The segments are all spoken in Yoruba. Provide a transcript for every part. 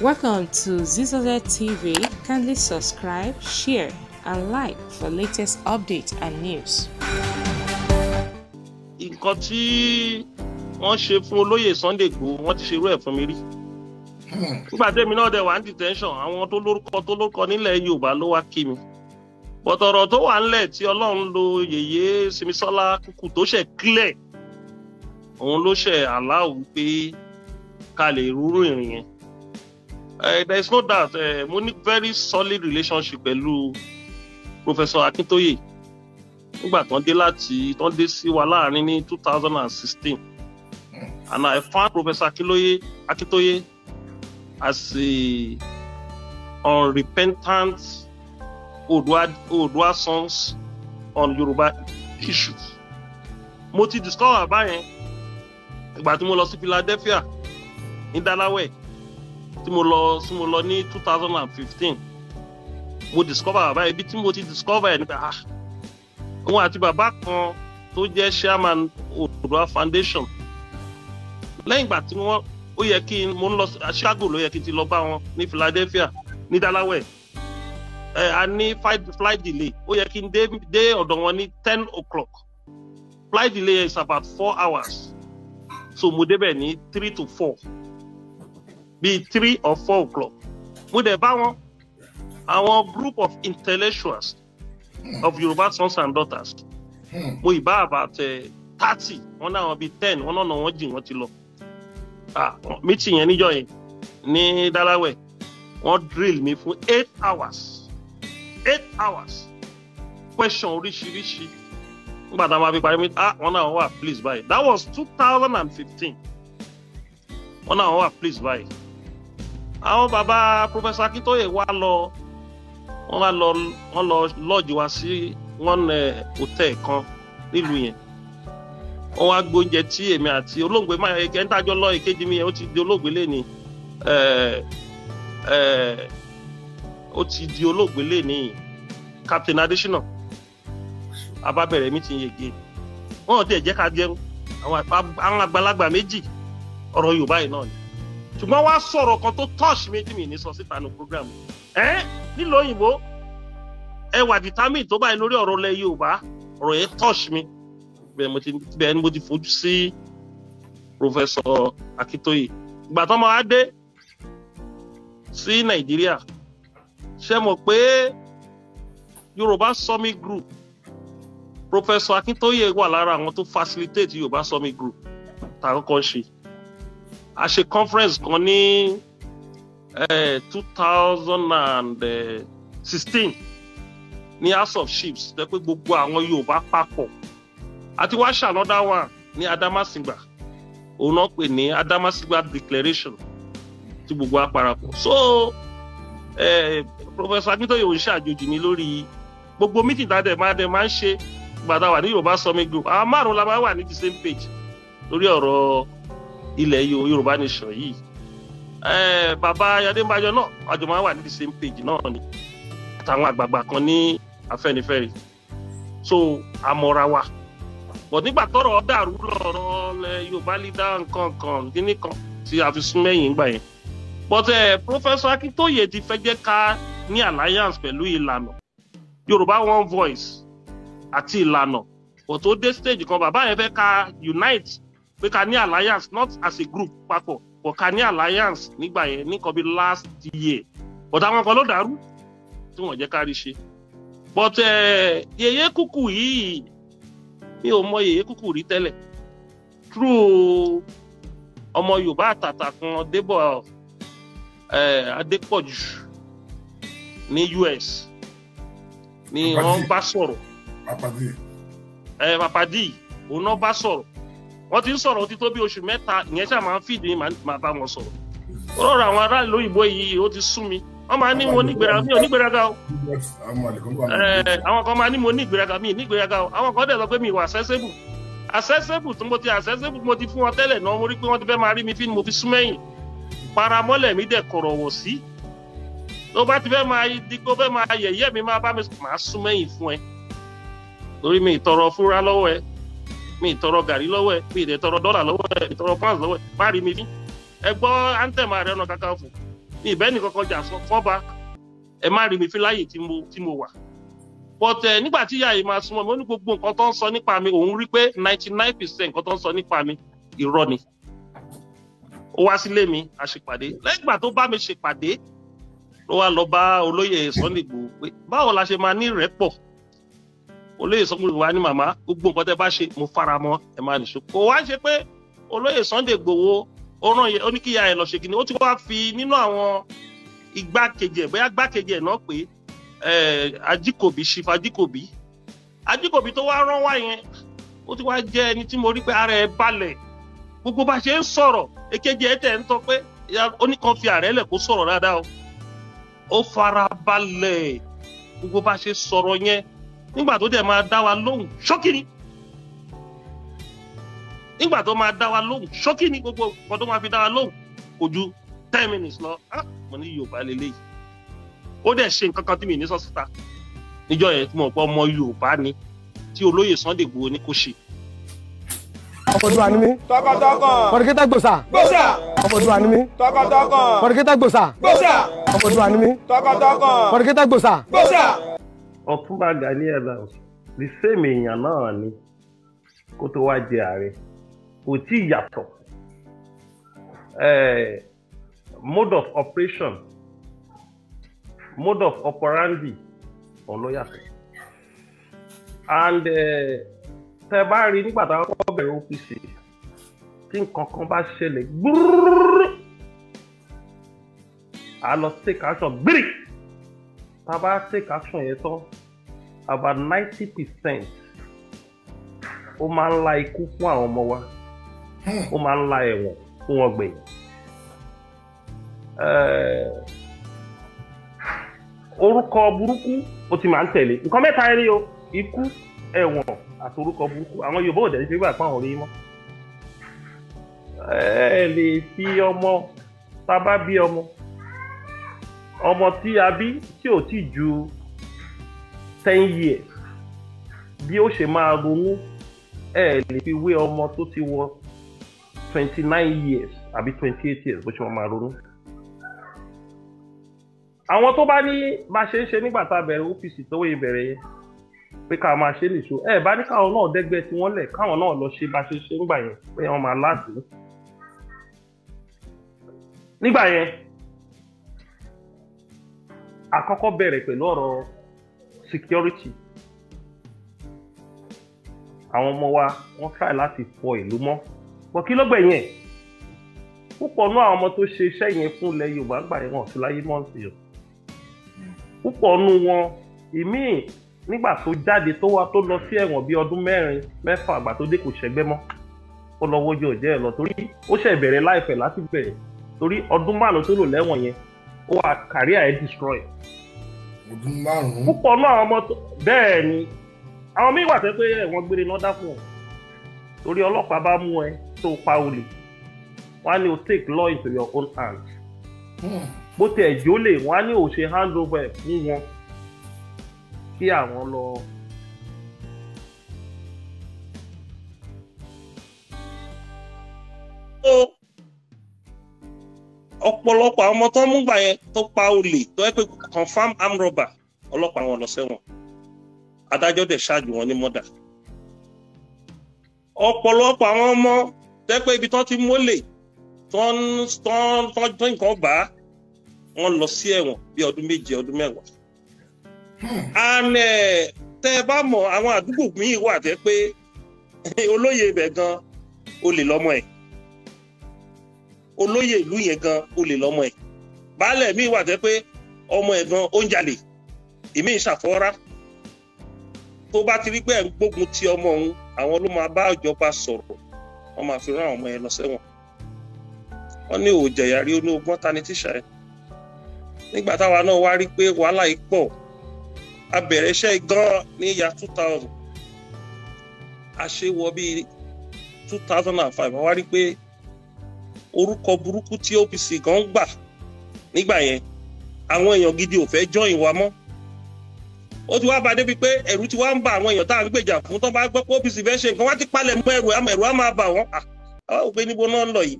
Welcome to ZZZ TV. Kindly subscribe, share, and like for latest updates and news. Nǹkan tí wọ́n ṣe fún olóyè Sunday Igboho wọ́n ti ṣerú ẹ̀ fún mi rí. Nígbà tẹ́mi náà dẹ̀ wà ní detention àwọn tó lórúkọ tó lórúkọ nílẹ̀ Yorùbá ló wá kí mi. Bọ̀tọ̀rọ̀ tó wà ńlẹ̀ tí Ọlọ́run lo yèyé Simisola kúkú tó ṣẹ̀ clear òun ló ṣẹ̀ aláwù pé ká lè rúrú ìrìn yẹn. Eh, there is no doubt uh, mo ní very solid relationship pẹ̀lú professor Akintoye nígbà tán dé láti tán dé sí wa láàrin ní two thousand and sixteen hmm. and I found professor Akintoye Akintoye as a unrepentant Odua Odua sons on Yoruba issues mo ti discover báyẹn ìgbà tí mo lọ sí Philadelphia ní Delaware tí mo lọ tí mo lọ ní two thousand and fifteen mo discover bàbá ibi tí mo ti discover ẹ̀ nígbà ah òun àti bàbá kan tó jẹ́ chairman Oòduà Foundation lẹ́yìn ìgbà tí wọ́n ó yẹ kí mo ń lọ Chicago ló yẹ kí n ti lọ bá wọn ní Philadelphia ní Delaware ẹ a ní flight delay ó yẹ kí n dé ọ̀dọ̀ wọn ní ten o'clock flight delay is about four hours so mo débẹ̀ ní three to four bíi three or four o'clock mo dẹ̀ bá wọn àwọn group of intellectuals of Yorùbá sons and daughters mo ì bá about thirty wọn náà wọn bíi ten wọn náà wọn jì wọn ti lọ meeting yẹn níjọ́ yẹn ní Delaware wọn drill mi fún eight hours eight hours question oríṣiríṣi nígbà tá a máa fi parí mi ah wọn náà wà please báyìí that was two thousand and fifteen wọn náà wà please báyìí àwọn baba professor Akintoye wá lọ wọ́n wá lọ wọ́n lọ lọ́ọ̀jì wá sí wọ́n eh, hòtẹ́ẹ̀ kan nílùú yẹn wọ́n wá gbóúnjẹ tí èmi àti olóògbé máa ẹ̀kẹ́ ńdájọ́ lọ èkejì mi yẹn ó ti di olóògbé lé ní eh, eh, ó ti di olóògbé lé ní Captain Adesina abábẹ̀rẹ̀ mi ti yege wọ́n ò tiẹ̀ jẹ́ ká jẹun àwọn àgbàlagbà méjì ọ̀rọ̀ Yorùbá yìí náà ni ṣùgbọ́n wá sọ̀rọ̀ kan tó touch mi tí mi ní sọ síta nu program ẹ nílò òyìnbó ẹ wà determine tó báyìí lórí ọ̀rọ̀ ilẹ̀ Yorùbá ọ̀rọ̀ yẹn touch mi bẹ́ẹ̀ ni mo ti fojú sí Professor Akintoye ìgbà tó máa dé sí Nàìjíríà ṣe mọ̀ pé Yorùbá Summit Group Professor Akintoye wà lára àwọn tó facilitate Yorùbá Summit Group tàkọ́kọ́ ṣe a ṣe conference kan ní eh, two thousand ní house of chiefs tẹ pé gbogbo àwọn yorùbá papọ̀ àti wá ṣànọ́dá wà ní adamasingba òun náà pè ní adamasingba declaration tí gbogbo wa parapọ̀ so eh, professor akintoye ò ń ṣàjòjì mi lórí gbogbo meeting tàdé máa dé máa ń ṣe gbàdá wà ní yorùbá summit group àwọn márùn la máa wà ní the same page lórí ọ̀rọ̀ ilẹ̀ yorùbá nation yìí bàbá adébáyọ náà àjọ máa wà ní the same page náà ni àtàwọn àgbààgbà kan ní afẹ́nifẹ́re so àmọ́ra wa bọ̀ nígbà tọ́rọ̀ dàrú lọ́rọ̀ yorùbá leader nǹkan kan gíní kan tí a fi sún mẹ́yìn gbà yẹn but professor akintoye ti fẹ́ jẹ́ ká ní alliance pẹ̀lú ìlànà yorùbá one voice àti ìlànà but ó dé stage kan bàbá yẹn fẹ́ ká unite pé ká ní alliance not as a group papọ̀ but ká ní alliance nígbà yẹn ní nǹkan bí last year but àwọn kan ló dàrú tí wọ́n jẹ́ ká ṣe but eh, yèyé kúkú yìí mi ò mọ yèyé kúkú rí tẹ́lẹ̀ through ọmọ Yorùbá àtàtà kan Débọ̀ eh, Adépọ̀jù ní US ni wọ́n bá sọ̀rọ̀ Papadi eh, òun náà bá sọ̀rọ̀ wọ́n ti ń sọ̀rọ̀ ti tó bí oṣù mẹ́ta ìyẹn ṣáà máa ń fìdí máa bá wọn sọ̀rọ̀ rọrọ àwọn aráàlú òyìnbó yìí ó ti sú mi wọ́n máa ní mo nígbéraga mi ò nígbéraga o àwọn kan máa ní mo nígbéraga mi ò o àwọn kan dẹ̀ sọ pé mi wà accessible accessible tí mo ti accessible tí mo ti fún wọn tẹ́lẹ̀ náà mo rí pé wọ́n ti fẹ́ máa rí mi fi ni mo fi súnmẹ́yìn paramọ́lẹ̀ mi dẹ̀ kọ̀rọ̀ wọ̀ sí tó bá ti fẹ́ máa di kó fẹ́ máa yẹ̀yẹ́ mi máa bá mi máa súnmẹ́yìn fún ẹ torí mi ìtọrọ fúnra lọ́wọ́ ẹ mi tọrọ gàrí lọ́wọ́ ẹ̀ mi tọrọ dọ́là lọ́wọ́ ẹ̀ mi tọrọ pounds lọ́wọ́ ẹ̀ má rí mi bí ẹ gbọ́ anthem Ààrẹ Ọ̀nà Kakanfò mi ìbẹ́ nìkan kọjá fọ́ba ẹ má rí mi fi láyè tí mo wà but ẹ eh, nígbà tí ìyá yìí máa súnmọ́ mi ó ní gbogbo nǹkan tó ń sọ nípa mi òun rí pé ninety nine percent nǹkan tó ń sọ nípa mi irọ́ ni ó wá sílé mi a ṣèpàdé lẹ́yìn ìgbà tó bá mi ṣèpàdé ló wá lọ bá olóyè Sunday Igboho pé báwo la ṣe máa ní ìrẹ́pọ̀ olóyè Sunday Igboho ní màmá gbogbo nǹkan tẹ́ bá ṣe mo fara mọ́ ẹ má nìṣó kò wá ṣe pé olóyè Sunday Igboho ó ràn yẹ ó ní kíyà ẹ lọ ṣe kíni ó ti wá fi nínú àwọn igbákejì ẹ bóyá igbákejì ẹ náà pé Ajíkòbí Chief Ajíkòbí Ajíkòbí tó wá rán wá yẹn ó ti wá jẹ ẹni tí mo rí pé ara ẹ balẹ̀ gbogbo bá ṣe ń sọ̀rọ̀ èkejì ẹ tẹ̀ ń tọ́ pé ó fi ààrẹ lẹ̀ kó sọ̀rọ̀ dáadáa ó fara balẹ̀ gbogbo bá ṣe sọ̀rọ̀ yẹn nígbà tó dẹ̀ máa dá wa lóhùn ṣókí ni nígbà tó máa dá wa lóhùn ṣókí ni gbogbo nǹkan tó máa fi dá wa lóhùn kò ju ten minutes lọ ah, mo ní Yorùbá lélẹ́yìí ó dẹ̀ ṣe nǹkan kan tí mi ní sọ síta níjọ́ yẹn tí mo pọ̀ ọmọ Yorùbá ni tí olóyè Sunday Igboho ní kó ṣe ọmọdúnwà ni mí. tọkàntọkàn. kọ̀dùkítà gbòòsà. gbòòsà. ọmọdúnwà ni mí. tọkàntọkàn. kọ̀dùkítà gbòòsà. gbòòsà. ọmọdúnwà ni mí. tọkàntọkàn. kọ̀dùkítà gbòòsà. gbòòsà ọtúnba Gani Adams the same èèyàn náà ni kó tó wá jẹ ààrẹ kò tí ì yàtọ̀ mode of operation mode of operandi òun ló yàtọ̀ and tẹ bá rí nígbà táwọn kọ́kọ́ bẹ̀rẹ̀ OPC tí nǹkan kan bá ṣẹlẹ̀ gbúrúrú à lọ sí kàásọ̀ gbìrì tá a bá take action yẹn tán about ninety percent ó máa ń la ikú fún àwọn ọmọ wa ó máa ń la ẹ̀wọ̀n fún wọn gbẹ̀yìn. Eh, orúkọ burúkú ó ti máa ń tẹ̀lé nǹkan mẹ́ta ẹni o ikú ẹ̀wọ̀n àti orúkọ burúkú àwọn Yorùbá ò dẹ̀ ní fi gbà pàwọn orí mọ́. Eh, ẹ lè fi ọmọ tá a bá bí ọmọ ọmọ tí a bí tí ò tí ju ten years bí ó ṣe máa ronú ẹ lè fi wé ọmọ tó ti wọ twenty nine years àbí twenty eight years bó ṣe máa ronú. àwọn tó bá ní bá ṣe ń ṣe nígbà tá a bẹ̀rẹ̀ OPC tówó ìbẹ̀rẹ̀ yẹn pé ká máa ṣe nìṣó ẹ bá ní káwọn náà dẹ́gbẹ́ tí wọ́n lẹ̀ káwọn náà lọ ṣe bá ṣe ṣe nígbà yẹn pé wọ́n máa láàbù. nígbà yẹn àkọ́kọ́ bẹ̀rẹ̀ pẹ̀lú ọ̀rọ̀ security àwọn ọmọ wa wọ́n try láti fọ ìlú mọ́ pọ̀ kí ló gbẹ̀yìn ẹ̀ púpọ̀ nú àwọn ọmọ tó ṣe iṣẹ́ yẹn fún ilẹ̀ Yorùbá gbà yẹn wọn ọ̀tún láyé mọ́ọ̀sì yọ púpọ̀ nú wọn ìmíì nígbà tó jáde tó wá tó lọ sí ẹ̀wọ̀n bíi ọdún mẹ́rin mẹ́fà àgbà tó dé kò ṣẹgbẹ́ mọ́ ó lọ wọ́jọ́ ẹ̀ lọ torí ó ṣẹ̀ bẹ̀rẹ̀ láìpẹ́ láti bẹ̀rẹ̀ torí ọdún márùn-ún tó lò lẹ́wọ̀n yẹn ó wà career ẹ̀ destroy. ọdún márùn-ún. púpọ̀ náà àwọn ọmọ tó bẹ́ẹ̀ ni àwọn míì wà tẹ́ pé ẹ̀wọ̀n gbére náà dá fún ọ torí ọlọ́pàá bá mú ẹ tó pa olè wọ́n á o take law into your own hand. Hmm. bó tiẹ̀ jólè wọ́n á ní o ṣe hand over ẹ̀ fún wọn kí àwọn lọ. ọ̀pọ̀lọpọ̀ àwọn ọmọ tó ń mú gbà yẹn tó pa olè tó ẹ pé confam arm robber ọlọ́pàá wọn lọ sẹ́wọ̀n adájọ́ dẹ̀ ṣáàjù wọn ní mọ́dà ọ̀pọ̀lọpọ̀ àwọn ọmọ tó ẹ pé ibi tó ti mólè tó ń tó nǹkan gbà á wọn lọ sí ẹ̀wọ̀n bíi ọdún méje ọdún mẹ́wàá àmì eh, tẹ́ ẹ bá mọ̀ àwọn àdúgbò míì wà tẹ́ pé olóyè ibẹ̀ gan olè lọ́mọ ẹ̀ olóyè ìlú yẹn gan olè lọ́mọ ẹ̀ baálẹ̀ mi wà tẹ́ pé ọmọ ẹ̀ gan ó ń jalè èmi ìṣàfọ́ra tó bá ti rí pé ẹ̀ ń gbógun ti ọmọ òun àwọn ló máa bá ìjọba sọ̀rọ̀ wọ́n máa fi rán àwọn ọmọ ẹ̀ lọ sẹ́wọ̀n wọ́n ní òòjẹ̀yà rí onú ọgbọ́n ta ni tíṣà ẹ̀ nígbà táwa náà wá rí pé wàhálà yìí pọ̀ a bẹ̀rẹ̀ iṣẹ́ gan ní ìyá two thousand a ṣe wọ bíi two thousand and five wọ́n wá rí pé orúkọ burúkú tí OPC gan gbà nígbà yẹn àwọn èèyàn gidi ò fẹ́ join wa mọ́ ó ti wá ba débi pé ẹ̀rù ti wá ń ba àwọn èèyàn tá à ń gbèjà fún tó bá gbọ́ pé OPC fẹ́ ṣe nǹkan wá ti palẹ̀ mọ́ ẹrù àmọ́ ẹ̀rù á máa bà wọ́n àwọn òpin níbo náà ń lọ yìí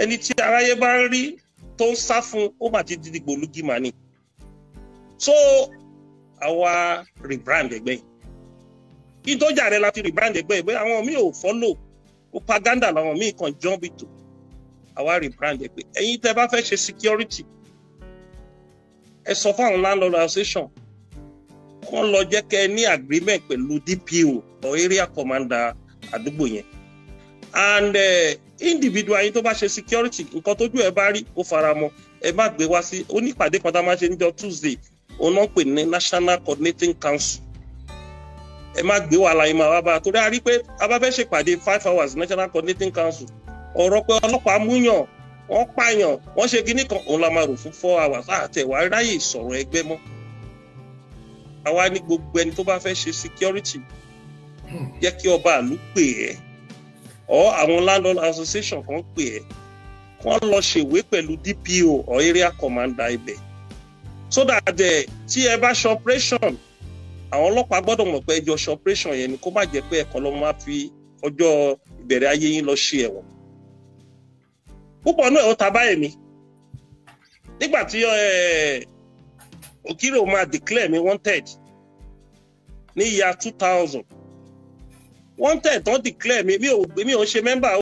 ẹni tí aráyé bá ń rí tó ń sá fún ó mà ti di gbòlúgi mà ni so àwa rebrand ẹgbẹ́ yìí kí n tó jàre la fi rebrand ẹgbẹ́ yìí pé àwọn míì ò fọ́lò propaganda làwọn míì kàn jọ́ǹbì tó àwa rebrand ẹ pé ẹ̀yin tẹ́ bá fẹ́ ṣe security ẹ sọ fáwọn landlord association wọ́n lọ jẹ́ kẹ́ ẹ ní agreement pẹ̀lú DPO or area commander àdúgbò yẹn and uh, individual yín tó bá ṣe security nǹkan tójú ẹ bá rí ó fara mọ́ ẹ má gbé wá sí onípàdé kan tá a máa ṣe níjọ́ Tuesday òun náà pè ní National Coordinating Council ẹ má gbé wàhálà yín máa wá bá a torí a rí pé a bá fẹ́ ṣèpàdé five hours National Coordinating Council ọ̀rọ̀ pé ọlọ́pàá múyàn wọ́n pààyàn wọ́n ṣe kinní kan òun la máa rò fún four hours àtẹ̀ wàá ráyè sọ̀rọ̀ ẹgbẹ́ mọ́ àwa ni gbogbo ẹni tó bá fẹ́ ṣe security hmm. jẹ́ kí ọba àlú pè ẹ́ ọ́ àwọn landlord association kan pè ẹ́ kán lọ ṣèwé pẹ̀lú DPO or area commander ibẹ̀ so that tí ẹ bá ṣe operation àwọn ọlọ́pàá gbọ́dọ̀ mọ̀ pé ẹjọ́ ṣe operation yẹn ni kó má jẹ́ pé ẹ̀kọ́ ló máa fi ọjọ́ ìbẹ̀rẹ̀ ayé yín lọ ṣe ẹ̀wọ̀n púpọ̀ náà ó ta báyìí mi nígbà tí Okiro máa declare me wanted ní year two thousand wanted tó declare mi mi ò mi ò ṣe member